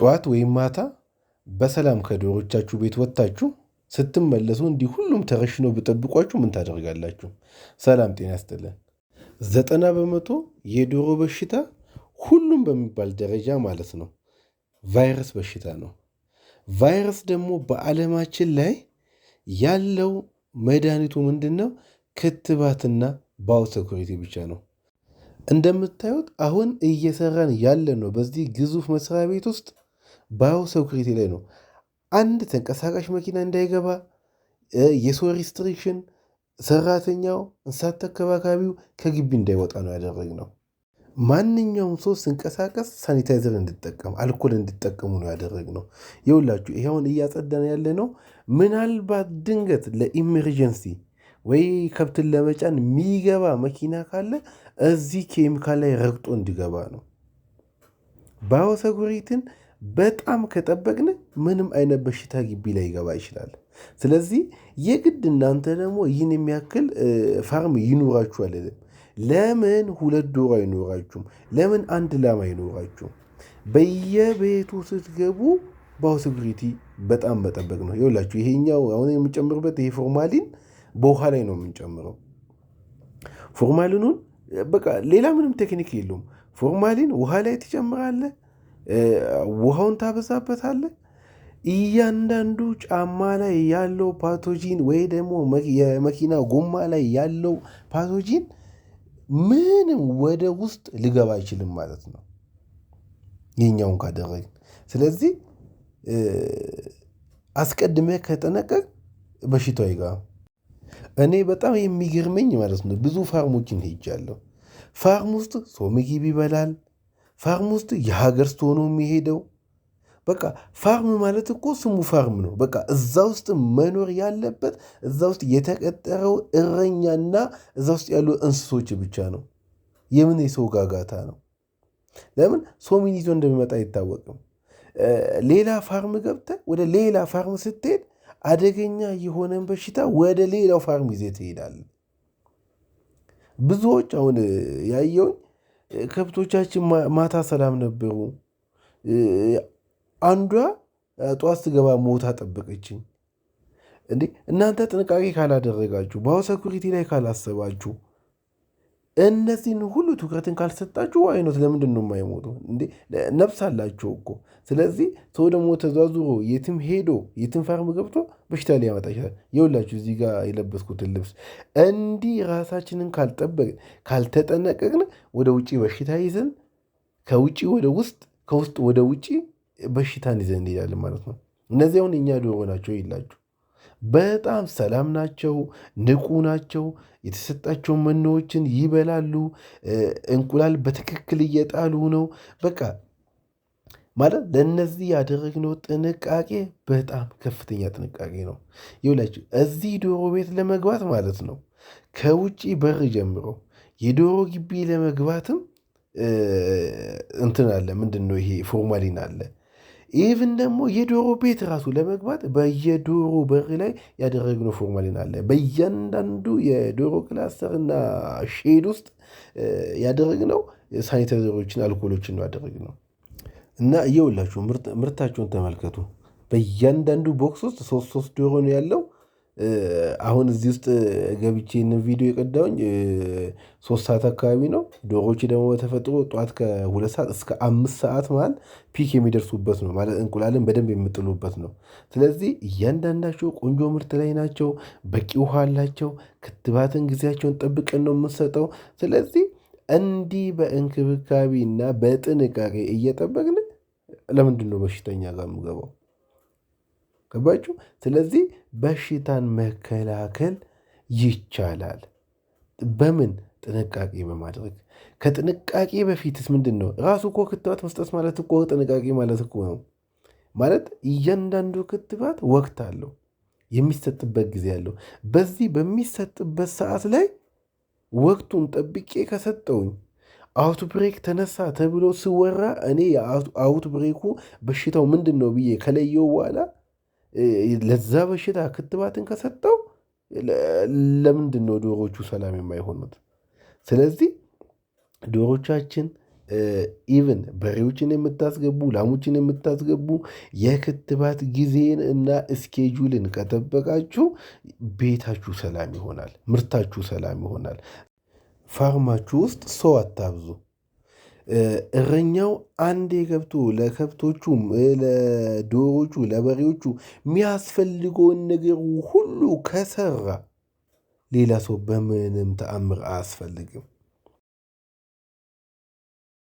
ጠዋት ወይም ማታ በሰላም ከዶሮቻችሁ ቤት ወጥታችሁ ስትመለሱ እንዲህ ሁሉም ተረሽነው ብጠብቋችሁ ምን ታደርጋላችሁ? ሰላም ጤና ያስጥልን። ዘጠና በመቶ የዶሮ በሽታ ሁሉም በሚባል ደረጃ ማለት ነው ቫይረስ በሽታ ነው። ቫይረስ ደግሞ በዓለማችን ላይ ያለው መድኃኒቱ ምንድን ነው? ክትባትና ባዮሴኩሪቲ ብቻ ነው። እንደምታዩት አሁን እየሰራን ያለ ነው በዚህ ግዙፍ መስሪያ ቤት ውስጥ ባዮ ሰኩሪቲ ላይ ነው። አንድ ተንቀሳቃሽ መኪና እንዳይገባ የሰው ሪስትሪክሽን፣ ሰራተኛው፣ እንስሳት ተከባካቢው ከግቢ እንዳይወጣ ነው ያደረግነው። ማንኛውም ሰው ስንቀሳቀስ ሳኒታይዘር እንድጠቀም አልኮል እንድጠቀሙ ነው ነው። ይኸውላችሁ ይኸውን እያጸዳን ያለ ነው። ምናልባት ድንገት ለኢመርጀንሲ ወይ ከብትን ለመጫን የሚገባ መኪና ካለ እዚህ ኬሚካል ላይ ረግጦ እንዲገባ ነው ባዮሰኩሪትን በጣም ከጠበቅን ምንም አይነት በሽታ ግቢ ላይ ይገባ ይችላል። ስለዚህ የግድ እናንተ ደግሞ ይህን የሚያክል ፋርም ይኑራችሁ አልልም። ለምን ሁለት ዶሮ አይኖራችሁም? ለምን አንድ ላም አይኖራችሁም? በየቤቱ ስትገቡ ባዮሴኩሪቲ በጣም መጠበቅ ነው። ይኸውላችሁ ይሄኛው አሁን የምንጨምርበት ይሄ ፎርማሊን በውሃ ላይ ነው የምንጨምረው። ፎርማሊኑን በቃ ሌላ ምንም ቴክኒክ የለውም። ፎርማሊን ውሃ ላይ ትጨምራለህ ውሃውን ታበዛበታለህ። እያንዳንዱ ጫማ ላይ ያለው ፓቶጂን ወይ ደግሞ የመኪና ጎማ ላይ ያለው ፓቶጂን ምንም ወደ ውስጥ ሊገባ አይችልም ማለት ነው። የኛውን ካደረግ ስለዚህ አስቀድመ ከጠነቀ በሽታው አይገባም። እኔ በጣም የሚገርመኝ ማለት ነው ብዙ ፋርሞችን ሄጃለሁ። ፋርም ውስጥ ሰው ምግብ ይበላል ፋርም ውስጥ የሀገር ስትሆኑ የሚሄደው በቃ ፋርም ማለት እኮ ስሙ ፋርም ነው። በቃ እዛ ውስጥ መኖር ያለበት እዛ ውስጥ የተቀጠረው እረኛና እዛ ውስጥ ያሉ እንስሶች ብቻ ነው። የምን የሰው ጋጋታ ነው? ለምን ሰው ይዞ እንደሚመጣ አይታወቅም። ሌላ ፋርም ገብተህ ወደ ሌላ ፋርም ስትሄድ አደገኛ የሆነን በሽታ ወደ ሌላው ፋርም ይዘህ ትሄዳለህ። ብዙዎች አሁን ያየውን ከብቶቻችን ማታ ሰላም ነበሩ። አንዷ ጠዋት ስገባ ሞታ ጠበቀችኝ። እንዴ እናንተ ጥንቃቄ ካላደረጋችሁ፣ ሰኩሪቲ ላይ ካላሰባችሁ፣ እነዚህን ሁሉ ትኩረትን ካልሰጣችሁ አይነት ለምንድን ነው የማይሞቱ? እንዴ ነፍስ አላቸው እኮ ስለዚህ ሰው ደግሞ ተዟዙሮ የትም ሄዶ የትም ፋርም ገብቶ በሽታ ሊያመጣ ይችላል። የሁላችሁ እዚህ ጋር የለበስኩትን ልብስ እንዲህ ራሳችንን ካልጠበቅን ካልተጠነቀቅን ወደ ውጭ በሽታ ይዘን ከውጭ ወደ ውስጥ ከውስጥ ወደ ውጭ በሽታን ይዘን እንሄዳለን ማለት ነው። እነዚህ አሁን የእኛ ዶሮ ናቸው ይላችሁ በጣም ሰላም ናቸው፣ ንቁ ናቸው። የተሰጣቸው መኖዎችን ይበላሉ። እንቁላል በትክክል እየጣሉ ነው። በቃ ማለት ለእነዚህ ያደረግነው ጥንቃቄ በጣም ከፍተኛ ጥንቃቄ ነው። ይውላችሁ እዚህ ዶሮ ቤት ለመግባት ማለት ነው ከውጭ በር ጀምሮ የዶሮ ግቢ ለመግባትም እንትን አለ ምንድን ነው ይሄ ፎርማሊን አለ። ኢቭን ደግሞ የዶሮ ቤት ራሱ ለመግባት በየዶሮ በር ላይ ያደረግነው ፎርማሊን አለ። በእያንዳንዱ የዶሮ ክላስተር እና ሼድ ውስጥ ያደረግነው ሳኒታይዘሮችን፣ አልኮሎችን ነው ያደረግነው። እና እየውላችሁ ምርታቸውን ተመልከቱ። በእያንዳንዱ ቦክስ ውስጥ ሶስት ሶስት የሆኑ ያለው አሁን እዚህ ውስጥ ገብቼ ቪዲዮ የቀዳውኝ ሶስት ሰዓት አካባቢ ነው። ዶሮዎች ደግሞ በተፈጥሮ ጠዋት ከሁለት ሰዓት እስከ አምስት ሰዓት መሀል ፒክ የሚደርሱበት ነው ማለት እንቁላልን በደንብ የምጥሉበት ነው። ስለዚህ እያንዳንዳቸው ቆንጆ ምርት ላይ ናቸው። በቂ ውሃ አላቸው። ክትባትን ጊዜያቸውን ጠብቀን ነው የምንሰጠው። ስለዚህ እንዲህ በእንክብካቤና በጥንቃቄ እየጠበቅን ለምንድን ነው በሽተኛ ጋር የምገባው? ገባችሁ? ስለዚህ በሽታን መከላከል ይቻላል። በምን ጥንቃቄ በማድረግ ከጥንቃቄ በፊትስ ምንድን ነው? ራሱ እኮ ክትባት መስጠት ማለት እኮ ጥንቃቄ ማለት እኮ ነው። ማለት እያንዳንዱ ክትባት ወቅት አለው፣ የሚሰጥበት ጊዜ አለው። በዚህ በሚሰጥበት ሰዓት ላይ ወቅቱን ጠብቄ ከሰጠውኝ አውት ብሬክ ተነሳ ተብሎ ስወራ እኔ አውት ብሬኩ በሽታው ምንድን ነው ብዬ ከለየው በኋላ ለዛ በሽታ ክትባትን ከሰጠው ለምንድን ነው ዶሮቹ ሰላም የማይሆኑት? ስለዚህ ዶሮቻችን ኢቭን በሬዎችን የምታስገቡ ላሞችን የምታስገቡ የክትባት ጊዜን እና እስኬጁልን ከጠበቃችሁ ቤታችሁ ሰላም ይሆናል፣ ምርታችሁ ሰላም ይሆናል። ፋርማችሁ ውስጥ ሰው አታብዙ። እረኛው አንዴ ገብቶ ለከብቶቹ፣ ለዶሮቹ፣ ለበሬዎቹ የሚያስፈልገውን ነገር ሁሉ ከሰራ ሌላ ሰው በምንም ተአምር አያስፈልግም።